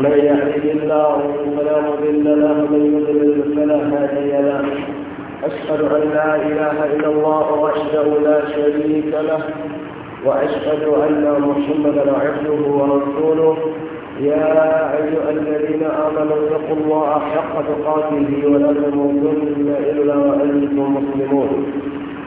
من يهدي الله فلا مضل له ومن يضلل فلا هادي له أشهد أن لا إله إلا الله وحده لا شريك له وأشهد أن محمدا عبده ورسوله يا أيها الذين آمنوا اتقوا الله حق تقاته ولا تموتن إلا وأنتم مسلمون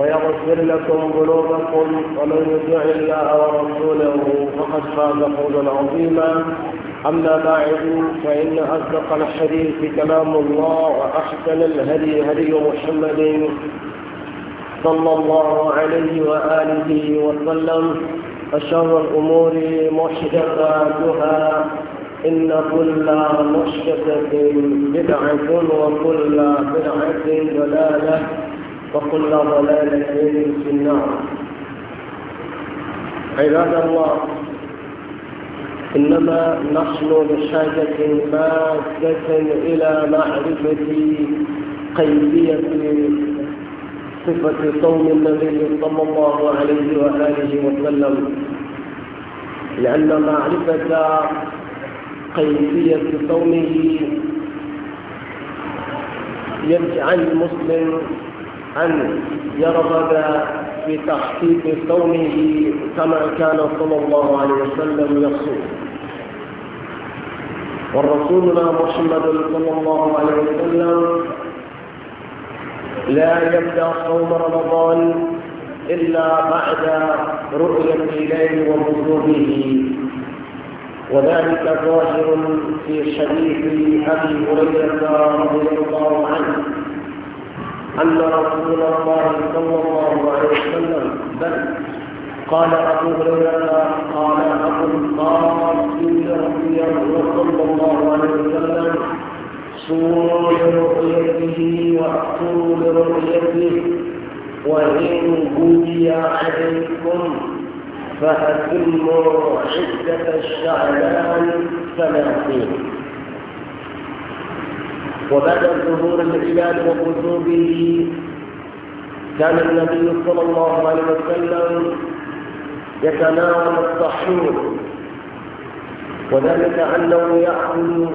ويغفر لكم ذنوبكم ومن يطع الله ورسوله فقد فاز فوزا عظيما أما بعد فإن أصدق الحديث كلام الله وأحسن الهدي هدي محمد صلى الله عليه وآله وسلم اشر الأمور محدثاتها إن كل محدثة بدعة وكل بدعة ضلالة وكل ضلالة في النار عباد الله إنما نحن بحاجة مادة إلى معرفة كيفية صفة صوم النبي صلى الله عليه وآله وسلم لأن معرفة كيفية صومه يجعل المسلم أن يرغب في تحقيق صومه كما كان صلى الله عليه وسلم يصوم ورسولنا محمد صلى الله عليه وسلم لا يبدأ صوم رمضان إلا بعد رؤية الليل ومرضوبه وذلك ظاهر في حديث أبي هريرة رضي الله عنه أن رسول الله صلى الله عليه وسلم بل قال أبو هريرة قال أبو القاسم صلى الله عليه وسلم صوموا لرؤيته وأقتلوا لرؤيته وإن بني عليكم فأتموا عدة الشعبان ثلاثين وبعد ظهور العباد وقلوبه كان النبي صلى الله عليه وسلم يتناول الطحور وذلك أنه يأكل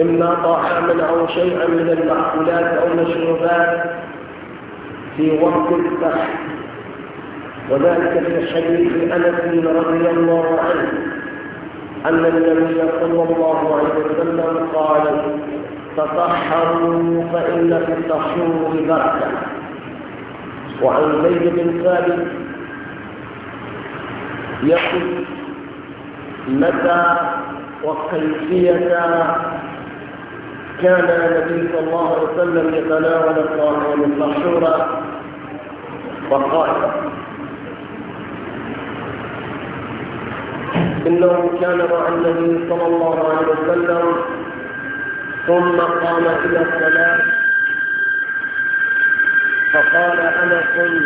إما طعاما أو شيئا من المأكولات أو المشروبات في وقت الفحم وذلك في حديث أنس رضي الله عنه أن النبي صلى الله عليه وسلم قال تطهروا فإن في التطهور بركة وعن زيد بن ثابت يقول متى وكيفية كان النبي صلى الله عليه وسلم يتناول الطعام المحشورة فقال إنه كان مع النبي صلى الله عليه وسلم ثم قام إلى السلام فقال أنس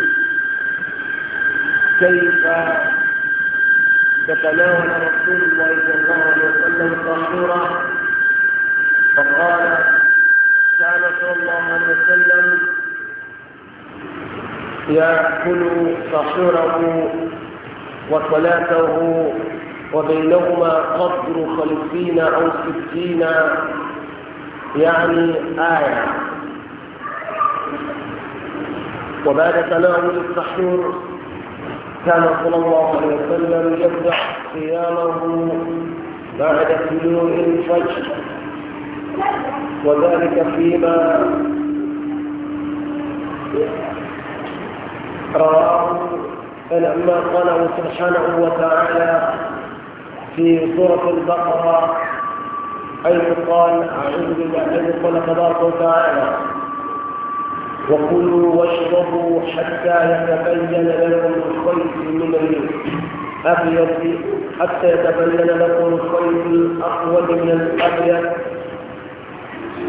كيف تتناول رسول الله صلى الله عليه وسلم طهورا فقال كان صلى الله عليه وسلم يأكل طهوره وصلاته وبينهما قدر خمسين أو ستين يعني آية وبعد تناول السحور كان صلى الله عليه وسلم يبدأ صيامه بعد طلوع الفجر وذلك فيما رواه فلما قاله سبحانه وتعالى في سورة البقرة حيث قال أعوذ بالله حيث قال تبارك وتعالى وكلوا واشربوا حتى يتبين لكم الخيط من الأبيض حتى يتبين لكم الخيط الأقوى من الأبيض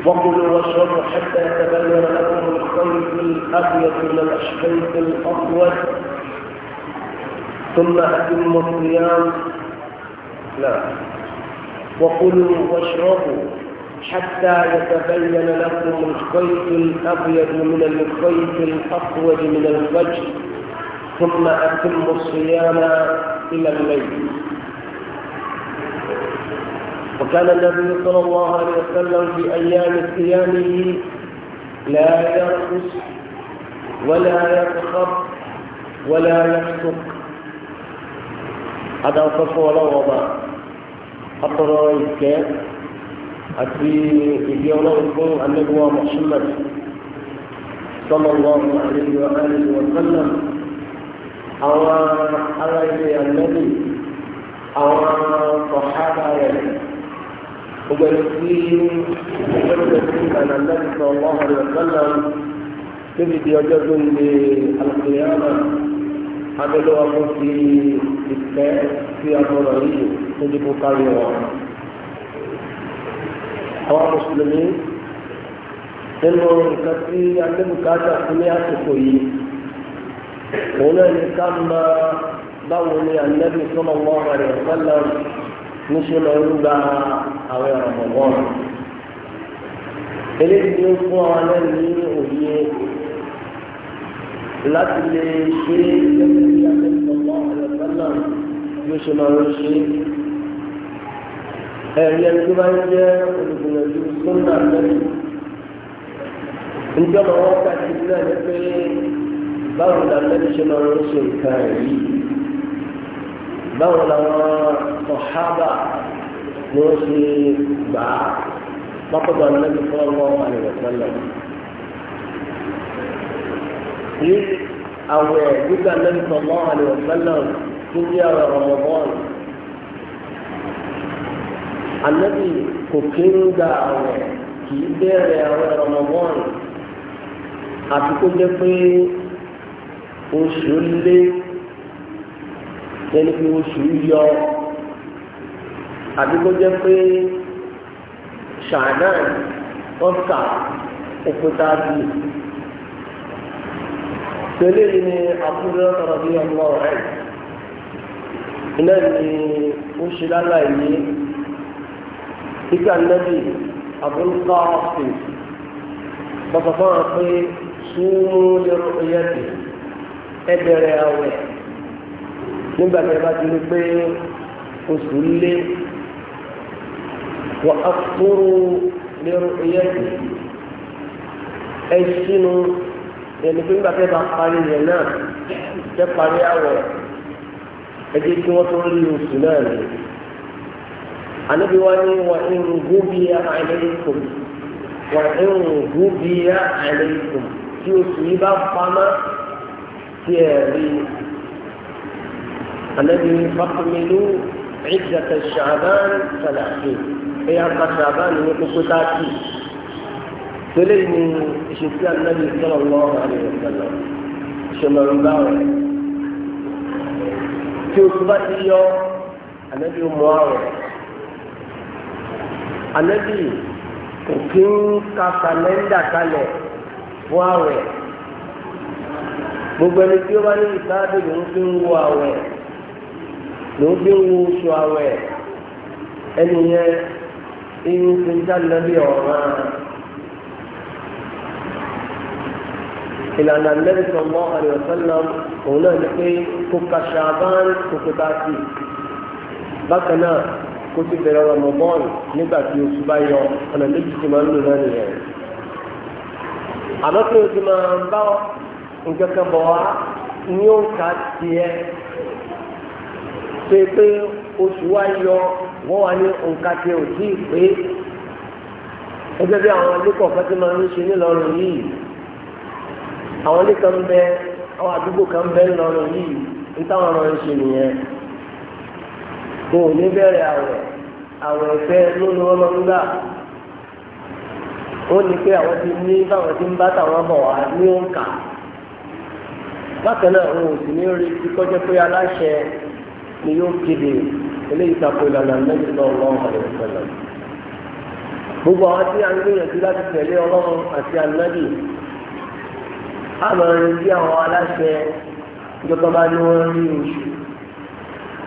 وكلوا واشربوا حتى يتبين لكم الخيط الأبيض من الخيط الأسود ثم أتموا الصيام لا وكلوا واشربوا حتى يتبين لكم الخيط الأبيض من الخيط الأسود من الفجر ثم أتموا الصيام إلى الليل وكان النبي صلى الله عليه وسلم في أيام صيامه لا يرقص ولا يتخب ولا يفسق هذا صفه ولا atọrọ ìkẹ́ àti ìdí ọlọ́run fún anẹ́gbọ́ Muhammad sallallahu alaihi wa alihi wa sallam àwọn ará ilé ànábì àwọn sọ̀hádà rẹ̀ gbogbo ẹni tí ìgbẹ́rùgbẹ́ sí ìlànà ànábì sallallahu alaihi wa sallam níbi di ọjọ́ tó ń lè alùpùpù abẹ́lẹ́wà fún ti ìfẹ́ sí àtọ̀rọ̀ yìí. tó dé kó kárí wọn. àwọn mùsùlùmí nínú nǹkan tí akébùkátà fún ní àsìkò yìí òun náà ní ká máa báwo ni ànábì sọ́mọ́ wọn rẹ̀ sẹ́lẹ̀ níṣẹ́ lọ ń gba àwọn ẹ̀rọ̀ wọn. eléyìí ń fún àwọn alẹ́ ní òye láti lè ṣe ẹgbẹ́ ìyá sọ́mọ́ wọn rẹ̀ sẹ́lẹ̀ níṣẹ́ lọ ń ṣe é ẹ̀rí ẹni tó bá ń jẹ́ olùgbìyànjú sọ́nà lẹ́yìn níjọ́ máa wọ́n kà sí náà ní pé báwo la lẹ́yìn ṣe máa ń ṣe nǹkan yìí báwo làwọn ọ̀hábà ni wọ́n ṣe gbà á lọ́kọ̀dọ̀ lẹ́yìn fún ọmọ àlùfẹ́lẹ̀. Ní àwẹ̀ gbígbà lẹ́yìn fún ọmọ àlùfẹ́lẹ̀ tó ní àwẹ̀ ọmọ bọ́ọ̀lù ànábì kò kéré gba àwẹ̀ kì í bẹ̀rẹ̀ àwẹ̀ Ramadan àti kó jẹ́ pé oṣù lé ẹni pé oṣù yọ àti kó jẹ́ pé ṣàdán ọ̀sà òkúta bíi tẹ̀lé yìí ni àkúrẹ́ ọ̀rọ̀ bí ọmọ rẹ̀ iná ni ó ṣe lálàyé ìgbà nẹ́bí abúlkọ́ọ̀sì bàbá fún pé súnmú lérò ìyẹ́dì ẹ bẹ̀rẹ̀ àwẹ̀ nígbà tí a bá ti rí pé oṣù lé wà á kúrú lérò ìyẹ́dì ẹ sínú ẹni pé nígbà tí bá parí yẹn náà jẹ́ parí àwẹ̀ ẹ jẹ́ kí wọ́n tó rí oṣù náà nìyẹn anabi wa ni wa in gubiya aleikum wa in gubiya aleikum tí o sì bá pamá tí ẹ rí anabi fakamilu ciddata shaaban talaati eya ka shaaban ni kókó taati tẹ́lẹ̀ ni ìṣesí anabi sallallahu alayhi wa sallam ṣọmọlúbà rẹ tí o sì ti yọ anabi mu àwẹ anabi kò kí ń ka kàlẹ́ndà kalẹ̀ fún àwẹ̀ gbogbo ẹni tí ó bá ní ìsáájú ló ń fi ń wo àwẹ̀ ló ń fi ń wo oṣù àwẹ̀ ẹni yẹn irú fi ń jáde bí ọ̀ràn ìlànà mẹ́rin sọ̀mọ́ àdìọ̀sọ́nà òun náà ní pé kó ka ṣàbán kó kó bá sí bákan náà kó ti bẹ̀rẹ̀ Ramadan nígbà tí oṣù bá yọ ọ̀nà méjì tí máa ń lò náà nìyẹn. àmọ́ kí o ti máa ń bá nǹkan kan bọ̀ wá ní òǹkà tiẹ̀ ṣe pé oṣù wa yọ wọ́n wá ní òǹkà tiẹ̀ ò tí ì pé gẹ́gẹ́ bí àwọn ilé kọ̀ọ̀kan ti máa ń ṣe nílọrin yìí àwọn ilé kan bẹ àwọn àdúgbò kan bẹ nílọrin yìí ní ọ̀rọ̀ ń ṣe nìyẹn. wọn ò ní bẹ̀rẹ̀ àwẹ̀ àwẹ̀ ẹ̀fẹ́ ló ní wọ́n máa ń gbà ní pé àwọn ti ní báwọn ti ń bá tàwọn bọ̀ wá ní òǹkà bákan náà ò sì ní rí kọjá pé aláṣẹ ni yóò kéde eléyìí tako ìlànà lẹ́yìn náà lọ́wọ́ àwọn gbogbo àwọn tí a ń gbìyànjú láti tẹ̀lé ọlọ́run àti àmọ́ ẹni tí àwọn aláṣẹ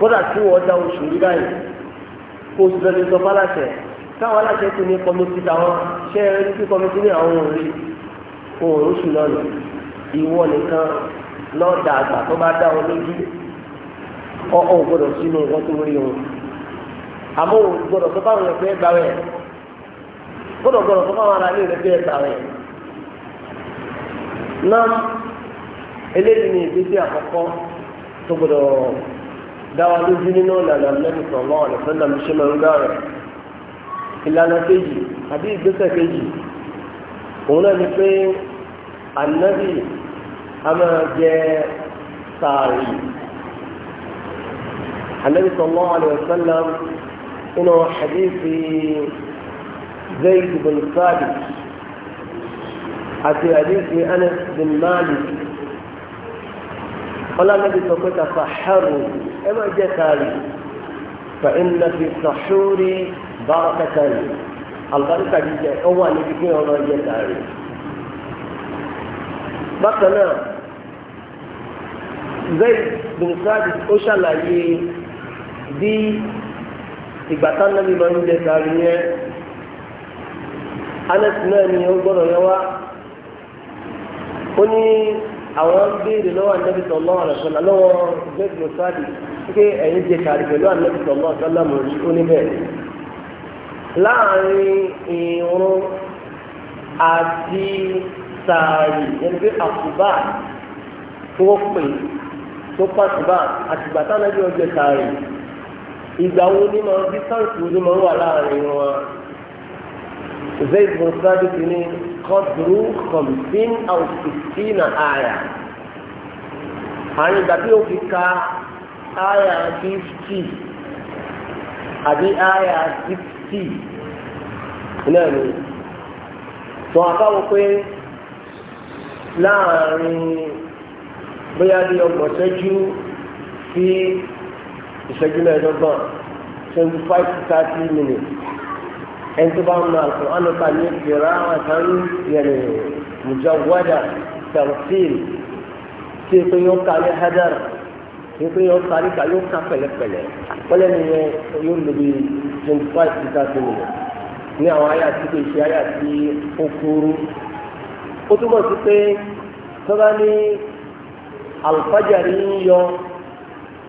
kódà tí wọ́n da oṣù rí báyìí kó oṣù lọ́dún sọ fáláṣẹ káwọn aláṣẹ tó ní kọmitì táwọn ṣe é rí sí kọmitì ní àwọn òrí òòrùn oṣù lọ́nà ìwọ nìkan lọ́ọ̀dà àgbà tó bá dá ọ lójú ọ̀ọ́ gbọ́dọ̀ sínú nǹkan tó rí wọn àmọ́ ò gbọ́dọ̀ tó báwọn ẹgbẹ́ gbà wẹ̀ gbọ́dọ̀ gbọ́dọ̀ tó báwọn aráàlú ẹgbẹ́ gbà wẹ̀ náà eléyìí ni ìgbésí àkọ́kọ́ tó gbọ́dọ̀ dáwà lójú nínú ìlànà lẹ́nu sọ̀rọ̀ àlùfẹ́lá mi ṣe máa ń gbà rẹ̀ ìlànà kejì àbí ìgbésẹ̀ kejì òun náà ni pé ànábì a máa jẹ sàárì ànábì sọ̀rọ̀ àlùfẹ́lá inú hadithi zayd bin sabit àti hadithi anas bin malik ọlọ́nàbì sọ pé kàfà hẹ́rù ẹ máa jẹ sàárì فإن في السحور بركة البركة دي جاء هو اللي بيكون هو اللي جاء بقنا زيد بن ثابت أشعلي دي ìgbà táwọn náà máa ń jẹ sàárì yẹn Anas náà ni ó gbọ́dọ̀ yẹ wá ó ní àwọn béèrè lọ́wọ́ Ànábì sallallahu alaihi wasallam lọ́wọ́ Zayd bin Thabit pé ẹ̀yin jẹ kàrí pẹ̀lú ànábì sọ̀rọ̀ sọ́lámù rí ó níbẹ̀. láàrin irun àti sàárì yẹn pé àkùbá tó pè tó pàṣùbà àtìgbà táwọn ẹbí ọjọ́ sàárì ìgbà wo ni mo bí sáǹtì ni mo wà láàrin wọn. zayd bin sadiq ni kọ́dùrú kọ̀m̀tín àwọn sixteen àyà. àrùn ìgbà tí ó fi ka áyà 50 àbí áyà 60 náà ni wọn àbáwò pé láàárín bóyá bí ọgbọ̀n ṣẹ́jú sí ìṣẹ́jú mẹ́ẹ̀ẹ́dọ́gbọ̀n twenty five to thirty minutes ẹni tó bá ń lọ àlùkò àlùkò àní ìrà àtàn yẹnì mùjọ wádà tẹ̀síìl tí o pé yóò kà hádàrà pé yọ sáré ká yóò ká pẹ̀lẹ́pẹ̀lẹ́ wọlé ni yẹn yóò lò bí twenty five to thirty minutes ní àwọn àyà tí kò ṣe àyà tí ó kúrú ó túbọ̀ sí pé tọ́ba ní alùpàjáde ń yọ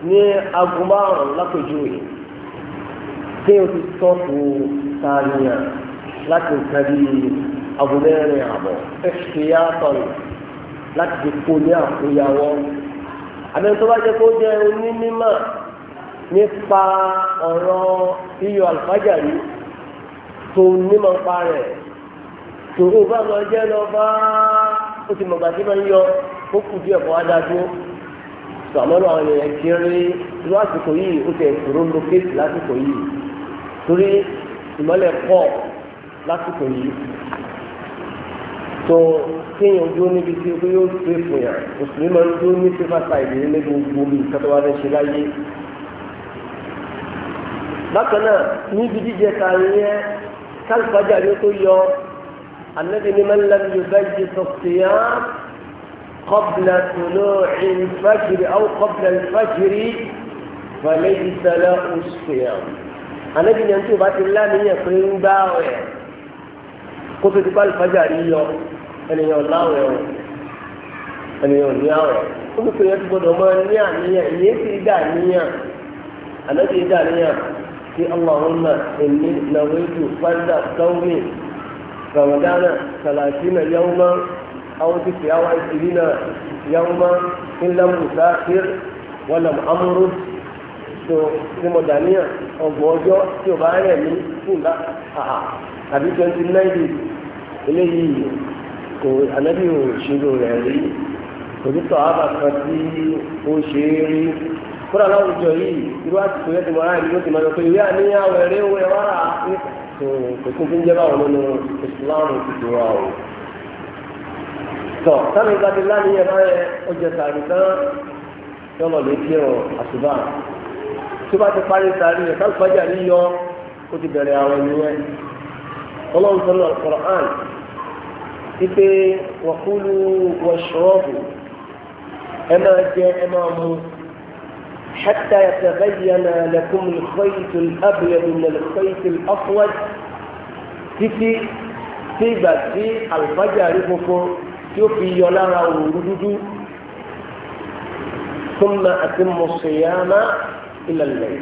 ní aago márùn-ún lápèjúwe tí o ti sọ́ọ̀kù sáàyàn láti nǹkan bí àbọ̀ ẹ̀ṣẹ̀ yàtọ̀ láti fi kó ní àkóyawọ́ àmì tó bá jẹ́ kó jẹ́ onímọ̀ nípa ọ̀rọ̀ iyọ̀ àlùfájà yìí tó nímọ̀ pa rẹ̀ tòun ò bá lọ jẹ́ lọ bá ó ti mọ̀gbà tí máa ń yọ ó kù díẹ̀ kó á dá dúró sọmọlọ àwọn èèyàn kiri irú àsìkò yìí ó ti ẹ̀sùn ló kéèsì lásìkò yìí torí ìmọ̀lẹ̀ pọ̀ lásìkò yìí tó kéèyàn dúró níbi tí ó yóò pè fún yàn mùsùlùmí máa ń dúró ní pépà sáìdì ní gbogbo omi nǹkan tó wá fẹ́ ṣe láyé. bákan náà níbi jíjẹ ta yẹn kálífàjà ló tó yọ anabi ní máa ń lẹ́nu yorùbá yìí sọ̀tìyà kọ́bìlà tòló ìfàjìrì àwọn kọ́bìlà ìfàjìrì fàlẹ́ ìsàlẹ̀ òṣùfìyà anabi ní ẹni tó bá ti lá níyàn pé ń gbá ọ̀ kó tó ti bá alùpàjà rí yọ ènìyàn láwẹ̀ o ènìyàn ní àwẹ̀ ó ní pé yẹn ti gbọdọ̀ máa ní àníyàn ìyẹn ti dà níyàn àná ti dà níyàn sí Allahumma inni nawaitu fanda sawmi ramadana salatina yawma aw tis'awa ishirina yawma in lam usafir wa lam amrud so ni mo tí o bá rẹ̀ mí fún bá àbí twenty nine days eléyìí kò ànábì ò ṣírò rẹ̀ rí òtítọ́ àbá kan tí ó ṣe é rí kúrò láwùjọ yìí irú àsìkò yẹn ti mọ aráàlú ló ti máa yọ pé ìwé àníyàn ẹ̀rẹ́ owó ẹ̀ wára kò tún fi ń jẹ́ báwọn nínú ìsìláàmù ìdìbò wa o. tọ́ sábẹ́ ìgbà tí láníyàn bá yẹ ọjà sàrì tán yọ̀nà lè fi hàn àṣùbà tó bá ti parí sàrì rẹ̀ sáfàjà yíyọ ó ti bẹ̀rẹ̀ àwọn ènìyàn ọlọ́run sọ́nà Al-Qur'an wípé wọ́kúlù wọ́ṣọ́ọ̀bù ẹ máa jẹ ẹ máa mú حتى يتبين لكم الخيط الأبيض من الخيط الأسود títí tí ìgbà tí àlùfájàrí funfun tí ó fi yọ lára òru dúdú tó ń na àti mùsùlùmá ilẹ̀ lẹ̀.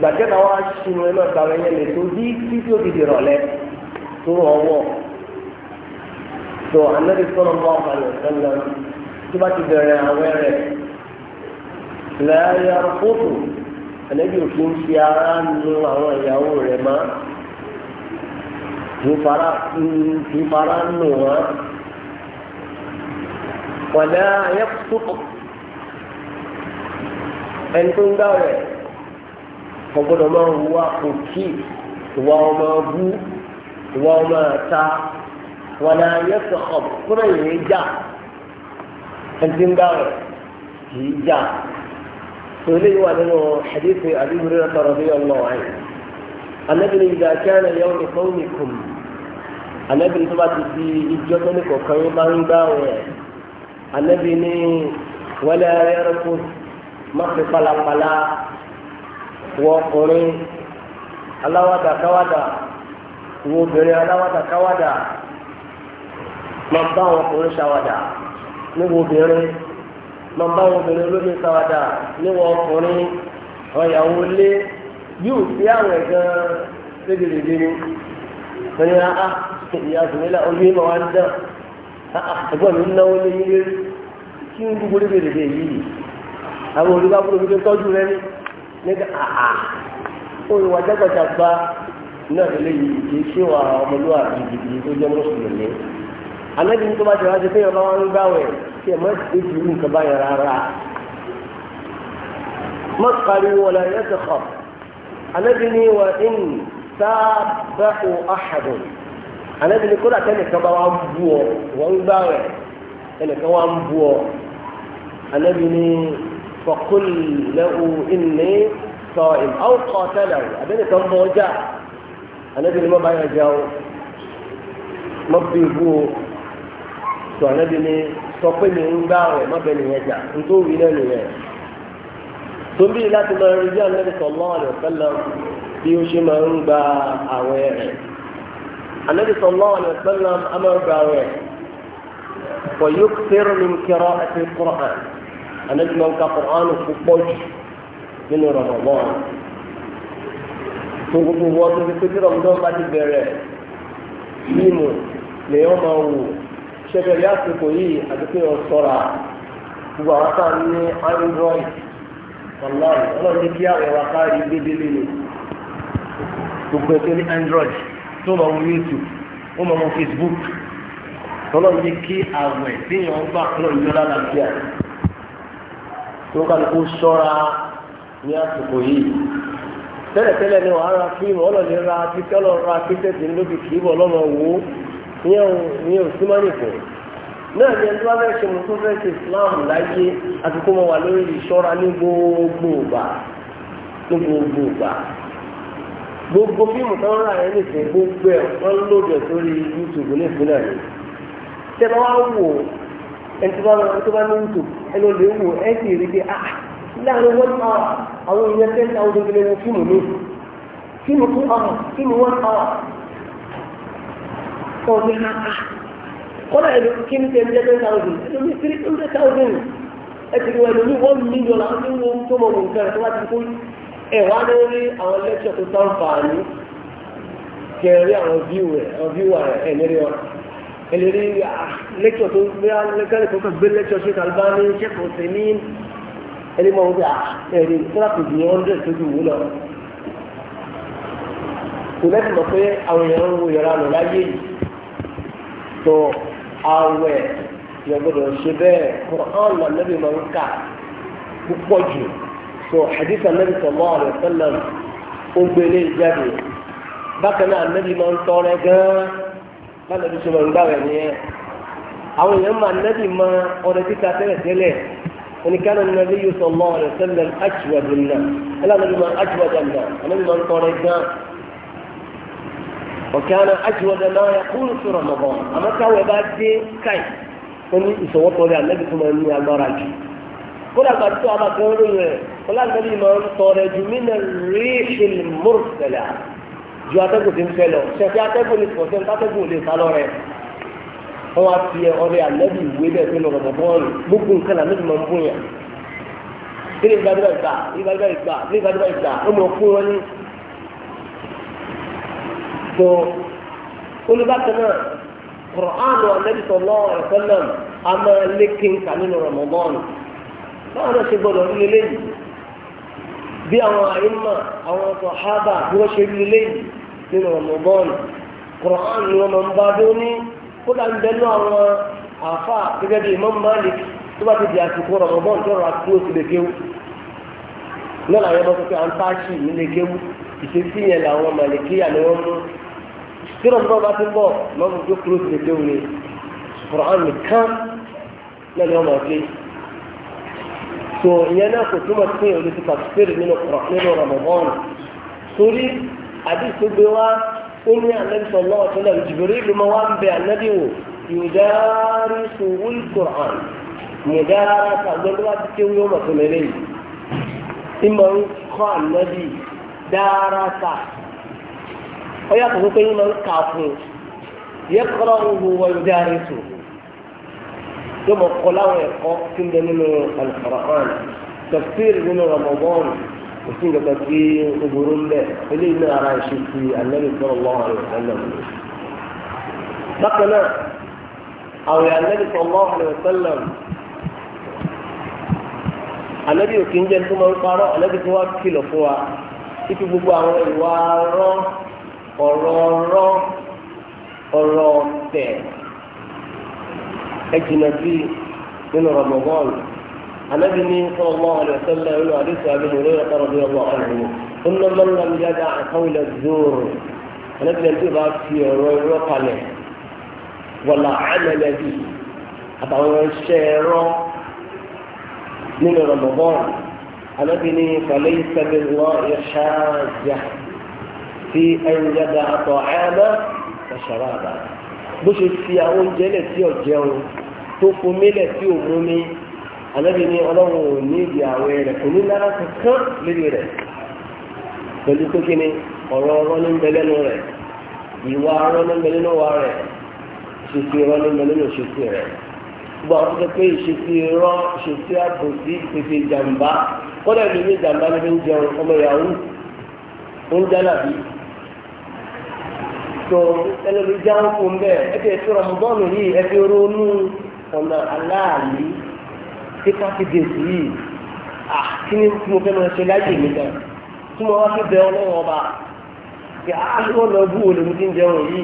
gbàjẹ́ náà wá sínú ẹ̀ náà gbàgbé yẹn lè tó dí títí ó fi dìrọ̀lẹ́ tó rọ̀ ọwọ́. tó anabi sọlọ ń bọ ọkàlẹ sẹlẹ tó bá ti bẹ̀rẹ̀ àwẹ̀ rẹ̀ lẹyà fótó anabi òfin fi ara nu àwọn ìyàwó rẹ̀ má ìfara nù wọn wàlẹ ayẹ fótó ẹni tó ń dá rẹ̀ ọgbọ́dọ̀ máa ń wá òkè ìwà ọmọ bú ìwà ọmọ ta wọn náà yẹ sọ̀kọ̀ fúnra yìí jà ẹtí ń dáwọ̀ kìí jà tòlẹ́ yìí wà nínú xadìsí àdìmúrí rẹ̀ tọrọ bí ọlọ́ wáyé anábìrin ìgbà kíánà yẹ wọn ìfọwọ́ mi kùn anábìrin tó bá ti di ìjọ tó ní kọ̀ọ̀kan yìí máa ń dáwọ̀ ẹ̀ anábìrin wọlé ayẹyẹ má fi palapala wọ ọkùnrin aláwàdà káwàdà wọ obìnrin aláwàdà káwàdà lọ bá àwọn ọkùnrin ṣàwàdà níwò obìnrin lọ bá àwọn obìnrin lóbi ṣàwàdà níwò ọkùnrin ọ̀yàwó lé yóò sí àwọn ẹ̀gán lédèrèdè ni wọ́n ní ah ìyá àtúnilá orí ma wá ń dán ah, ah, ẹ̀gbọ́n mi ń náwó lé yín lérí kí ń gbogbo lédèrèdè yìí àwọn olùbáwọ̀ olùbáwọ̀ tọ́jú rẹ ah, ní nígbà àhà olùwà jágbàjàgbà náà lè yí kì í ṣe wà ọmọlúwà gidigidi tó jẹ́ mọ́sùlùmí anabi ní tó bá ti wá ṣe pé ọba wọn ń gbàwẹ̀ kí ẹ má ṣe ju irú nǹkan báyìí rárá má pariwo wọlé ẹ ti kọ anabi ní wà ń sábà ó àhàdùn anabi ní kódà tẹnìkan bá wà ń ọ wọn ń gbàwẹ̀ tẹnìkan wà ń ọ anabi ní fọkùn lẹ́hu ìní sọ ìm àwọn kọ́ tẹ́lẹ̀ àbẹ́nìkan bọ́ ọjà anabi ní má báyà jẹun má bí ibú o tó ànábi ni sọ pé mi ń gbá rẹ̀ má bẹ́ẹ̀ nìyẹn jà nítorí náà nìyẹn tó bí láti máa rí bí ànábi sallallahu alaihi wasallam bí ó ṣe máa ń gba àwẹ̀ rẹ̀ ànábi sallallahu alaihi wasallam á máa gba àwẹ̀ wa yukthir min qira'ati al-Qur'an ànábi máa ń ka Qur'an púpọ̀ jù nínú Ramadan tó gbogbo wọn tó fi pété Ramadan bá ti bẹ̀rẹ̀ mímu lèyàn máa wò ṣẹbẹ̀rẹ̀ àsìkò yìí àti pé ọ sọ́ra gbogbo àwọn ní android online ọlọ́run ní kí àwọn ẹ̀rọ akáàrí gbédélé ni gbogbo ẹ̀kọ́ ní android tó máa wọ youtube ó máa wọ facebook ọlọ́run ní kí àwẹ̀ téèyàn ń gbà ọlọ́run yọ lálàáfíà tó kálukú sọ́ra ní àsìkò yìí tẹ́lẹ̀tẹ́lẹ̀ ni wàá ra fíìmù ọlọ́run ra kíkẹ́ ọlọ́run ra kíkẹ́ tì ní lóbi kì í bọ̀ ọlọ́run wò ó ìyẹn ò sí mọ́nì fún náà ni ẹni tó bá fẹ́ ṣe mo tó fẹ́ ṣe Islam láyé àti kó mo wà lórí ìṣọ́ra ní gbogbo ìgbà ní gbogbo ìgbà gbogbo fíìmù tó ń rà yẹn nìsín gbogbo ẹ̀ wọ́n lòdì ẹ̀ sórí YouTube ní ìpínlẹ̀ yìí tẹ́ bá wá wò ẹni tó bá ní YouTube ẹni olè wò ẹ sì rí pé ah, ah láàrin one hour àwọn ìyẹn ten thousand kìlẹ̀ wo fíìmù mi fíìmù two hours fíìmù one hour kọ́ ní ha ha kọ́nà ẹ̀lú kí ní tẹ̀lé ẹgbẹ́ thousand ẹ̀lú ní three hundred thousand ẹ̀sìn wọ̀ ẹ̀lú ní one million àwọn tí wọ́n tó mọ̀ wọn kẹrẹ̀ tó bá ti kó ẹ̀wá lórí àwọn lẹ́kṣọ̀ tó tán fàánù kẹrì àwọn viewer ẹ̀nẹ́rẹ́ wọn ẹ̀lẹ́rí lẹ́kṣọ̀ tó gbé lẹ́kẹ́rẹ́ tó gbé lẹ́kṣọ̀ ṣe kàlùbá ní ṣẹ́kọ̀ọ́ sẹ́ni ẹni mọ̀ wọ́n bí ẹ̀rí tíráàpù ní hundred tó ti wù lọ kò lẹ́sìn mọ̀ pé àwọn èèyàn ń wo ìyàrá lọ láyé yìí tó awẹ yọ gbọ́dọ̀ ṣe bẹ́ẹ̀ Qur'an la nabi máa ń kà púpọ̀ jù so hadith anabi sallallahu alaihi wasallam ó gbélé ìjáde bákan náà anabi máa ń tọrẹ gan bákan náà ṣe máa ń gbà wẹ nìyẹn àwọn èèyàn máa anabi máa ọrẹ títa tẹ́lẹ̀tẹ́lẹ̀ oníkanna anabi sallallahu alaihi wasallam ajwadun nas ẹlẹ́nàbí máa ajwadun nas anabi máa ń tọrẹ gan ọ̀kẹ́hánà ajíwọ́dẹ náà yẹ kúrò sí rọmọbọ́n àmọ́ káwé bá dé káì ó ní ìṣòwòtọ́ rẹ̀ àlẹ́bí tó máa ń ní agbára jù kódà ká tó a bá kẹ́ ọ́rọ́ rẹ̀ ọlọ́dẹ́bí máa ń tọ́ rẹ̀ jù mínà ríṣìl mùrùsẹ̀lẹ̀ ju atẹ́gùn ti ń fẹ́ lọ ṣẹ̀fẹ́ atẹ́gùn ní pọ̀sẹ̀ atẹ́gùn ò lè sá lọ rẹ̀ wọ́n á fi ọ̀rẹ́ àlẹ́bí ìwé bẹ́ẹ̀ pé rọmọbọ́n gbogbo nǹkan àlẹ́bí máa ń bóyá kí ni ìgbàdúrà ìgbà ìgbàdúrà ìgbà gan olùbákanáà kùránù àlẹ́bìtọ̀ lọ́wọ́ ẹ̀fọ́lẹ̀ a máa lé kínkà nínú rọ̀mọ́bọ́ọ̀nù báwọn náà ṣe gbọdọ̀ rí lélẹ́yìí bí àwọn àyínmà àwọn sàhábà bí wọ́n ṣe rí lélẹ́yìí nínú rọ̀mọ́bọ́ọ̀nù kùránù ni wọ́n máa ń bá dó ní kódà ń bẹ́nu àwọn àfa gẹ́gẹ́ bí Imam Malik tó bá ti di àsìkò rọ̀mọ́bọ́ọ̀nù tó rà kúrò sí lèkéwù lọ́la yẹn mọ́ pé à tí rọ̀mùbọ́n bá ti bọ̀ lọ́mù tó kúrò sí lè ní Quran nìkan náà ni wọ́n máa fi so ìyẹn náà kò túmọ̀ sí ìwé ti tafsir nínú nínú Ramadan torí àdìsí gbé wá ó ní Ànábì sallallahu alaihi wasallam Jibril ló máa wá ń bẹ Ànábì wò yòdárí sòwúl Quran yòdára sàgbọ́n wá ti ó yàtọ̀ sí pé yín máa ń kà fún un yẹ kọ́ra òwò wọ́n dá rẹ̀ tó yóò mọ̀ kọ́ láwọn ẹ̀kọ́ tí ń bẹ nínú Al-Qur'an tafsir nínú Ramadan kò sí nǹkan kan tí ó burú ń eléyìí náà ara ìṣe ti Ànábì sallallahu alaihi wasallam. bákan náà àwọn Ànábì sallallahu alaihi wasallam Ànábì òkè ń jẹ́ tó máa ń parọ́ Ànábì tó wá kìlọ̀ fún wa títí gbogbo àwọn ìwà rán ọ̀rọ̀ ọ̀rọ̀ ọ̀rọ̀ ọ̀tẹ̀ ẹ jìnnà sí nínú Ramadan anabi ní sallallahu alaihi wasallam nínú àdéhùn àbẹ̀wò lórí ọ̀tọ̀ rẹ̀ bíi ọgbà ọ̀rọ̀ ọ̀nà mọ́nà mi dáadáa àkàwìlẹ̀ zoro anabi náà ti bá fi ọ̀rọ̀ ẹ̀rọ kalẹ̀ wọ̀là àmẹ́lẹ̀ bí àtàwọn ẹ̀ṣẹ̀ ẹ̀rọ nínú Ramadan anabi ní falẹ́ ìsẹ̀lẹ̀ lọ ìṣáájà fi ẹ̀yẹ̀dà àtọ̀ ẹ̀ẹ́mẹ́ ẹ̀ṣọ̀rọ̀ àbá bó ṣe fi àwọn oúnjẹ lẹ̀ tí ò jẹun tó fomi lẹ̀ tí ò mú mi àlẹ́bí ni ọlọ́run ò ní ìdí àwẹ̀ rẹ̀ kò ní lára kankan lórí rẹ̀ pẹ̀lú pé kí ni ọ̀rọ̀ ọ̀rọ̀ ní bẹ lẹ́nu rẹ̀ ìwà ọ̀rọ̀ ní bẹ lẹ́nu wa rẹ̀ ìṣesí ọ̀rọ̀ ní bẹ lẹ́nu ìṣesí rẹ̀ gbogbo àwọn tó pé ìṣesí ọ̀rọ̀ ìṣesí àbòsí ìṣesí ìjàmbá kọ́dà ìlú ní ìjàmbá ní ń jẹun ọmọ ìyàwó oúnjẹ làbí tó ẹlẹ́bi jáwọ́ fún bẹ́ẹ̀ ẹ ti ẹ̀tọ́ rọmọdọ́nù yìí ẹ fi ronú ọ̀nà aláàlí tí káfíńdèsì yìí à kí ni mo fẹ́ máa ṣe láyé mi gan tí mo wá fi bẹ ọlọ́wọ́ ọba kí á lọ́ lọ bú olùmú tí ń jẹun yìí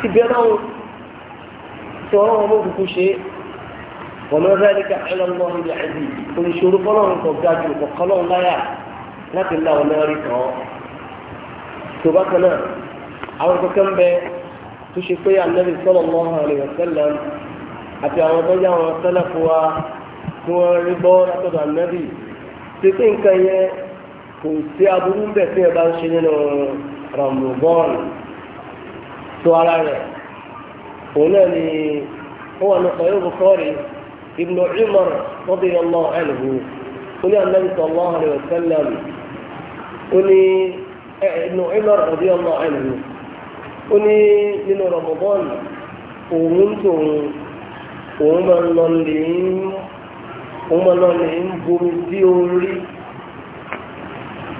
ti bẹ náà tí ọlọ́wọ́ mo kúkú ṣe wọ́n rẹ́ ní ká ẹlọ́wọ́ ìyá ẹ̀dì oníṣòro kọ́lọ́run kọ̀ gájú kọ̀ kọ́lọ́run láyà láti lá ọ̀nà rí kàn án tó bá kan náà àwọn kankan bẹ tó ṣe pé anabi sallallahu alaihi wasallam àti àwọn tó yá wọn sẹlẹ fún wa tí wọn rí bọ látọ̀dọ̀ anabi ṣe pé nǹkan yẹn kò sí aburú bẹ tí ẹ bá ń ṣe nínú Ramadan tó ara rẹ òun náà ni ó wà ní ọ̀yọ́ Bukhari Ibn Umar radiyallahu anhu ó ní anabi sallallahu alaihi wasallam ó ní ẹnu ẹlọ rọbí ọmọ ẹnu ó ní nínú Ramadan òun tó òun máa ń lọ lè ń òun máa ń lọ lè ń bomi sí orí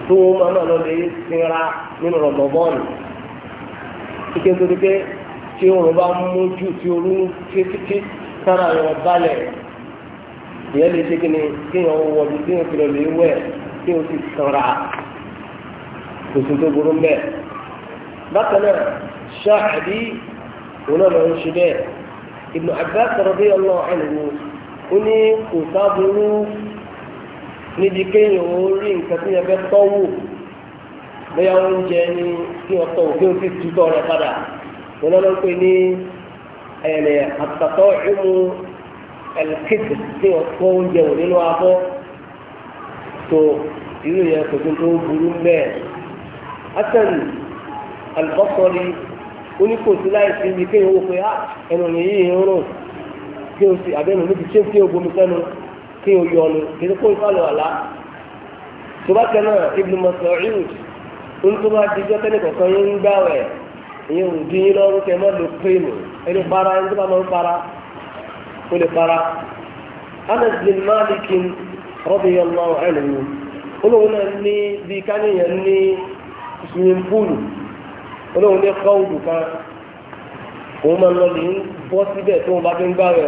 tó òun máa ń lọ lè ń sinra nínú Ramadan kíkẹ́ nítorí pé tí òun bá mú tí orú kékeré sára yọ balẹ̀ ìyẹn lè ṣe kí ni kéèyàn wọ̀ bí kéèyàn fi lọ lè wẹ̀ kéèyàn fi sanra kò sí tó burú bẹ́ẹ̀ bákan náà ṣáàbí òun náà ló ń ṣe bẹ́ẹ̀ ibnu abbas radiyallahu anhu ó ní kò sáburú níbi kéèyàn ó rí nǹkan tí yẹn fẹ́ tọ́wò bóyá oúnjẹ ni kí wọ́n tọ́wò kí wọ́n fi tutọ́ rẹ̀ padà wọn lọ́n pè ní ẹ̀ẹ́nì àtàtọ́ ìmú ẹ̀lẹ́kìtì tí wọ́n tọ́ oúnjẹ wò nínú abọ́ tó irú yẹn kò tó burú bẹ́ẹ̀. hasan albasori oníkòsí láìsí ibi kéèyàn wò pé yi ah, ya ń rùn kí o sì àbẹ́nu níbi tí ń fi ogun sẹ́nu kí o yọ Ibn Mas'ud ń tó bá dijọ́ tẹ́lẹ̀ kọ̀ọ̀kan yín ń gbà wẹ̀ ìyẹn ò dín yín lọ́rùn kẹ́ ẹ má lo para para swimming pool olóhùn ní kọ́ọ̀dù kan òun máa ń lọ lè ń bọ́ síbẹ̀ tó wọn bá fi ń gbà rẹ̀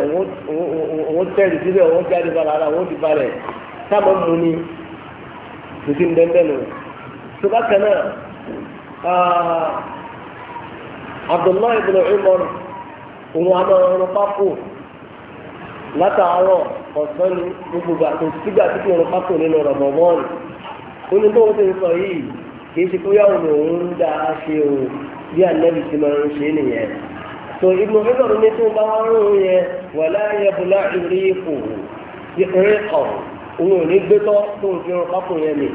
òun tẹ̀lé síbẹ̀ òun jáde balẹ̀ ara òun ti balẹ̀ táwọn mú ni tó bá náà ah, Abdullahi ibn Umar òun kìí ṣe kóyá òun òun dá a ṣe o bí ànábì ti máa ń ṣe nìyẹn tó ibùdó fífọ̀rọ̀ ní tó bá wọn rún yẹn wà láàyè bùlá ìrí ipò rí ọ̀ òun ò ní gbétọ́ tó ń fi hàn pápò yẹn nì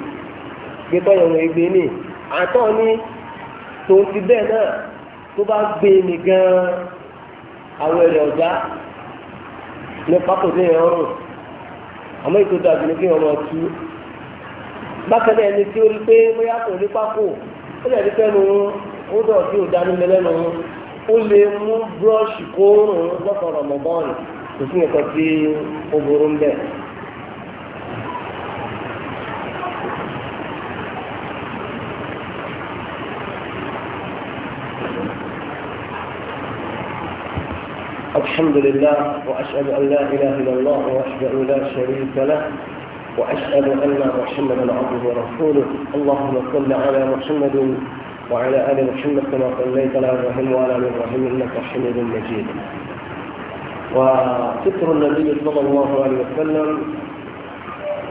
gbétọ́ yẹn òun ègbé nì àtọ́ ni tó ti bẹ́ẹ̀ náà tó bá gbé mi gan-an àwọn ẹ̀rẹ̀ ọ̀já ní pápò tó yẹn rún àmọ́ ètò ìdájọ́ ni kí wọ́n máa tú bákan náà ẹni tí ó rí pé bóyá kò rí pákó ó lè rí pẹ́nu ó dọ̀ tí ò dání lẹ́lẹ́nu ó lè mú búrọ́ọ̀ṣì kóòrùn lọ́sàn rọ̀mọ̀bọ́ọ̀nù kò sí nǹkan tí ó burú ń bẹ̀. الحمد لله وأشهد أن لا إله إلا الله وحده لا شريك له وأشهد أن محمدا عبده ورسوله اللهم صل على محمد وعلى آل محمد كما صليت على إبراهيم وعلى آل إبراهيم إنك حميد مجيد وفكر النبي صلى الله عليه وسلم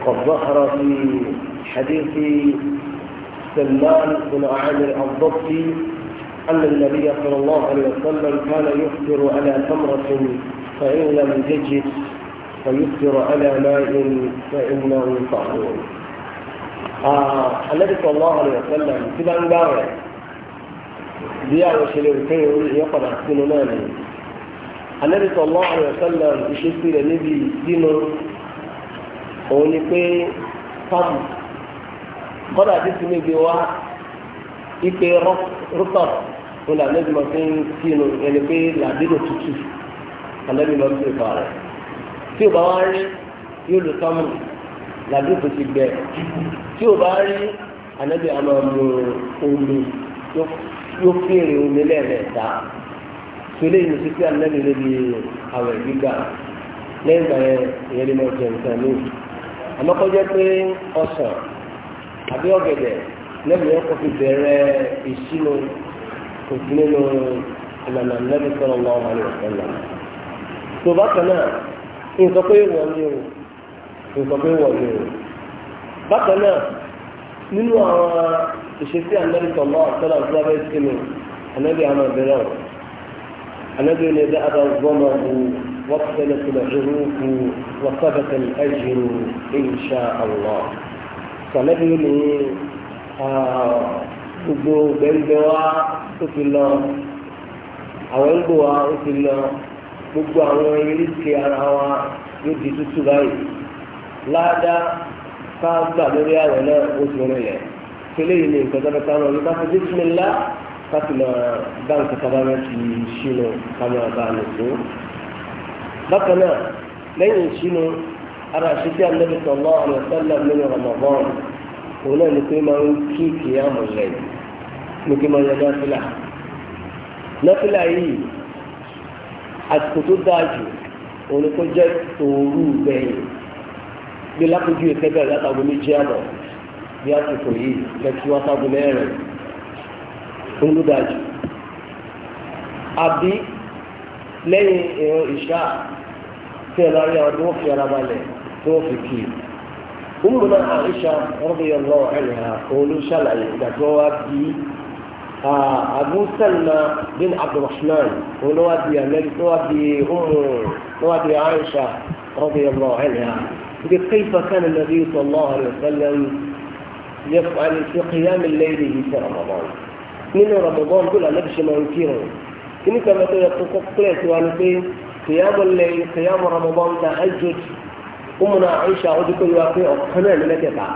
قد ظهر في حديث سلمان بن عامر الضبطي أن النبي صلى الله عليه وسلم كان يفطر على تمرة فإن لم يجد فيكثر على ماء فإنه طهور النبي صلى الله عليه وسلم كده مبارك ديانة شلوكين يقول أحسن مالي النبي صلى الله عليه وسلم يشفي لنبي دينه ونكي فم قد أدت نبي واحد يكي رطب ولا نجم فين كينو يعني كي لعبينه تتشف النبي tí o bá wá rí yóò lò sọ́mù làbí kò ti gbẹ tí o bá rí ànábì àmọ́ mu omi yóò fèrè omi lẹ́ẹ̀mẹ́ta tolè ní sísí ànábì lórí àwẹ̀ gbígbà lẹ́yìn ìgbà yẹn ìyẹn lè mọ jẹ nǹkan mi àmọ́ kọjá pé ọsàn àbí ọ̀gẹ̀dẹ̀ lẹ́yìn yẹn kò fi bẹ̀rẹ̀ ìṣínú kò nínú ìlànà ànábì sọ̀rọ̀ wọn wà ní ọ̀sán lọ́nà. tó bá kan náà nǹkan pé wọ́n ní o nǹkan pé wọ́n ní o bákan náà nínú àwọn ìṣesí amẹ́ríkà ọmọ àtọ́lá tó bá fẹ́ sinmi anábì àmọ́ ìbẹ̀rẹ̀ ọ̀rọ̀ anábì ní ẹ̀dá àbá gbọ́mọ̀ ọ̀hún wọ́n ti fẹ́lẹ̀ sílẹ̀ ìrú kù wọ́n sábẹ̀ tẹ̀lé ẹ̀jìrù insha Allah sàlẹ́bí ní gbogbo gbẹ̀ngbẹ̀ wa ó ti lọ àwọn ń gbò wa ó ti lọ gbogbo àwọn irísí ara wa yóò di tútù báyìí ládàá ká gbà lórí àwẹ̀ náà ó ti rìn lẹ̀ tẹ́lẹ̀ yìí ni nǹkan tó dáa lọ nípa fún bísímìlá láti lọ báńkì kábàámà ti ṣínú kámọ́ ọba àlùkò. bákan náà lẹ́yìn ìṣínú ara àṣìṣe àlẹ́bí sọ̀lọ́ ọ̀nà sẹ́lẹ̀ nínú Ramadan òun náà ni pé máa ń kí kìí àmọ̀lẹ̀ ní kí máa yẹ náfìlà náfìlà yìí àsìkò tó dáa jù òun ni kò jẹ́ òru gbẹ̀yìn bí lápòjú ìkẹ́bẹ̀rẹ̀ látàgbọ́ méjì àbọ̀ bí àsìkò yìí lẹ́tí wá sábò mẹ́rin òun ló dáa jù àbí lẹ́yìn ìran ìṣá tí ẹ̀ lárí àwọn tí wọ́n fi ara balẹ̀ tí wọ́n fi kì í. Ummuna Aisha radiyallahu anha òun ló ṣàlàyé ìgbà tí wọ́n wá bí i abu salma bin abdulrahman olówádìí anabi olówádìí umu olówádìí aisha radiyallahu anha ibi kaifa kana nabi sallallahu alayhi wa sallam yaf'al fi qiyam al-layl fi ramadan nínú ramadan tó la nabi ṣe máa ń kírun kíní kan tó yẹ kó kílẹ̀ tó wà ní pé qiyam al-layl qiyam ramadan tahajjud umuna aisha ó dúpẹ́ yóò wá pé ọ̀kan náà ní mẹ́tẹ̀ẹ̀ta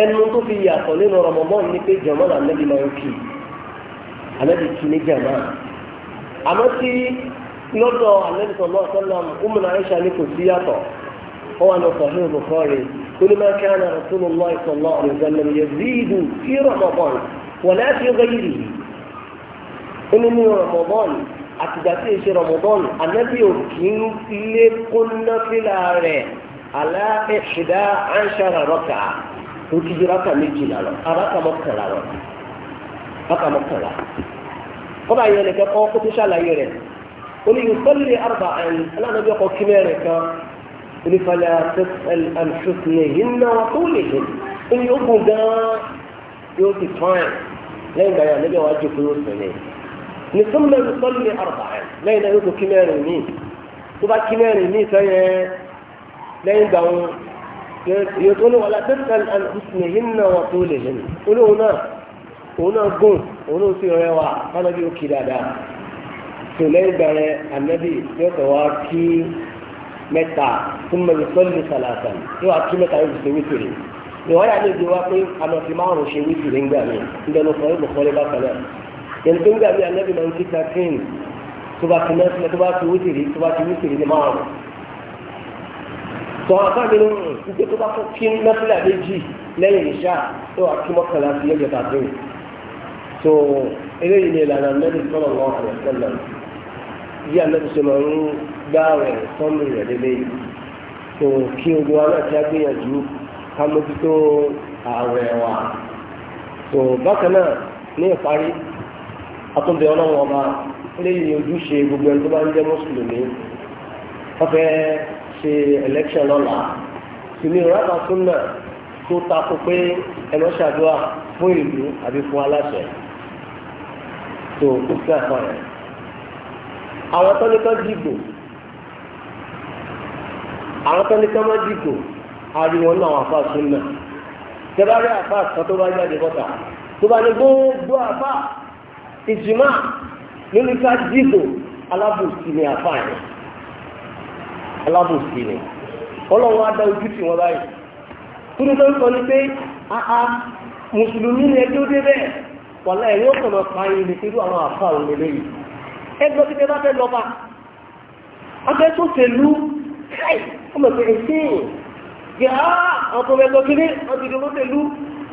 ẹnu tó fi yàtọ̀ nínú ramadan ní pé jọmọ́ la nabi máa ń kírun anabi kì ní jẹ̀mọ́ àmọ́ tí lọ́dọ̀ anabi sọ̀rọ̀ sọ́nà ọmọnà aisha ní kò sí yàtọ̀ ó wà lọ́sọ̀ fún Bukhari onímọ̀ kana rasulullah sallallahu alaihi wasallam yazidu fi Ramadan wala fi ghayrihi onímọ̀ Ramadan àtìgbà tí èsì Ramadan anabi ò lé kóná fílà rẹ̀ alá ihda ashara raka ó méjìlá lọ araka lọ bàtà mọ́kànlá kọ́ba yẹn nìkan kọ́ kó tó ṣàlàyé rẹ̀ ó ní ìsọ́lẹ̀ àrùbà àyìn aláàbẹ̀bẹ̀ ọkọ̀ kílẹ̀rẹ̀ kan onífàlẹ̀ àtẹ́sẹ̀l àmṣọ́sìnlẹ̀ yìí ná wọn tó lè yẹn ó gan-an yóò ti tán ẹ̀ lẹ́yìn ìgbà yẹn àlẹ́bẹ̀ wá yóò sẹ̀ lẹ́yìn ní sọ́lẹ̀ ìsọ́lẹ̀ lẹ́yìn náà yóò kó kílẹ̀rẹ̀ míì òun náà gùn òun náà sì rẹwà kánábì ó kì dáadáa tó lẹ́yìn ìgbà rẹ ànábì yóò tẹ̀ wá kí mẹ́ta fún mẹ́rin sọ́ọ̀lì sàlàsà yóò wá kí mẹ́ta yóò ṣe wítìrì ìwádìí àti ìdí wa pé àlọ́fi márùn ṣe wítìrì ńgbà mi ńdẹ́nu sọ̀rọ̀ ìbùkọ́lé bákan náà yẹn tó ń gbà bí ànábì máa ń kí thirteen tó bá ti mẹ́sìlẹ̀ tó bá ti wítìrì tó bá ti wítìrì ní márùn tọ́ àbáminu ìgbé tó bá fún kí mẹ́sìlẹ̀ méjì lẹ́yìn ìṣá tó wà kí mọ́kànlá sí ẹ̀jẹ̀ tàbí so eléyìí ni ìlànà Ànábì sallallahu alaihi wasallam bí Ànábì ṣe máa ń gbá rẹ̀ sọ́nù rẹ̀ lélẹ́yìí so kí ogun wa náà ti á gbìyànjú ká mójútó ààrẹ wa so bákan náà ní ìparí àtúndì ọlọ́run ọba eléyìí ni ojúṣe gbogbo ẹni tó bá ń jẹ́ mùsùlùmí wọ́n fẹ́ ṣe election lọ́la ìní ìrọ́bà tó takò pé ẹ̀rọ ṣàdúrà fún ìlú àbí fún aláṣẹ tó kò sí àfọ̀n rẹ̀ àwọn tó ní kán dìbò àwọn tó ní kán má dìbò ariwo náà àwọn àfáà sún náà tẹ́lárí àfáà kan tó bá jáde bọ́ta tó bá ní gbogbo àfáà ìjìmá nínú ká dìbò alábòsí ni àfáà yẹn alábòsí ni ọlọ́run á dá ojú tì báyìí tó ni pé àá mùsùlùmí ni ẹjọ́ dé bẹ́ẹ̀ wàlá ẹ̀rí ó kàn máa pa yín ní irú àwọn àfa òun lè yìí ẹgbẹ́ tí bá fẹ́ lọ́ba afẹ́ tó tẹ̀lú ọmọ ìpínlẹ̀ sí yà á àwọn tó mẹ́tọ́ kíní wọ́n ti dúró tẹ̀lú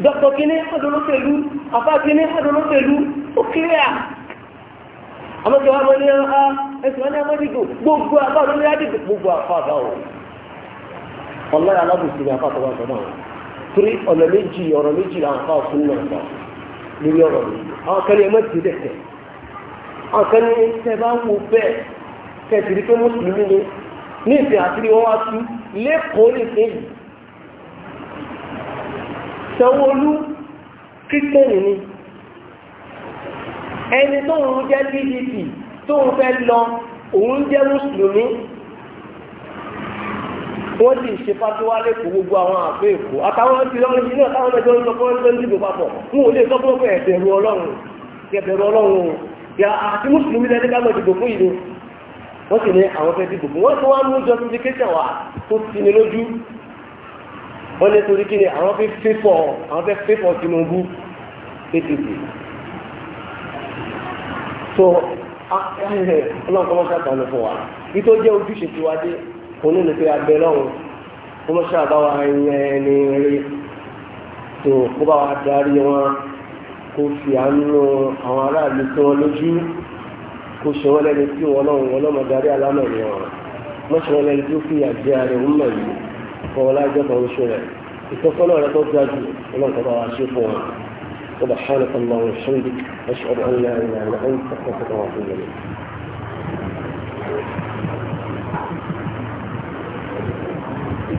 dọ́kítọ̀ kíní wọ́n dúró tẹ̀lú afá kíní wọ́n dúró tẹ̀lú ó kílẹ̀ à àmọ́ tí wọ́n mọ ní ah, ẹ ẹsùn wọn ní amọ́dìgbò gbogbo àbá méjì ọ̀rọ̀ méjì làwọn àfa náà lórí ọ̀rọ̀ yìí àwọn kan ní ẹ má ti dẹ̀kẹ̀ àwọn kan ní bá wo bẹ́ẹ̀ tẹ pé mùsùlùmí ni ní ìsìn àtìrí wọn wá sí lẹ́kọ̀ọ́ lè fẹ́ yìí sanwóolu kírísítẹ́nì ni ẹni tó ń jẹ́ pdp tó ń fẹ́ lọ òun jẹ́ mùsùlùmí wọ́n sì ṣe fatiwa lẹ́kọ̀ọ́ gbogbo àwọn àfẹ́ èkó àtàwọn ti lọ́wọ́ ìṣẹ́ náà táwọn ẹjọ́ ń lọ fún ẹgbẹ́ ìdìbò papọ̀ wọn ò lè sọ fún ọkọ̀ ẹ̀bẹ̀rù ọlọ́run ẹ̀bẹ̀rù ọlọ́run o yà àti mùsùlùmí lẹ́ni ká lọ dìbò fún ìlú wọ́n sì ní àwọn fẹ́ dìbò fún wọ́n tó wá mú justification wà tó ti ní lójú wọ́n lè torí kíni àwọn fẹ́ fẹ́fọ̀ àwọn fẹ́ fẹ́fọ̀ Tinubu apc so ọlọ́run kọ́ mọ́ onílùfẹ́ abẹ́ lọ́hùn kó mọ́ ṣáàbá wa yẹn ní rí tó kó bá wa darí wọn kó fi àánú àwọn aráàlú tí wọn lójú kó ṣe wọn lẹ́ni tí wọn lọ́hùn wọn lọ́mọ darí alámọ̀ ni wọn mọ́ ṣe wọn lẹ́ni tí ó fi àjẹ ààrẹ òun mọ̀ yìí kọ́ wọn láì jẹ́kọ̀ọ́ oṣù rẹ̀ ìtọ́sọ́nà rẹ̀ tó ga jù ọlọ́kọ̀ bá wa ṣe fún wọn. سبحانك اللهم وبحمدك أشهد أن لا إله إلا أنت أستغفرك وأتوب إليك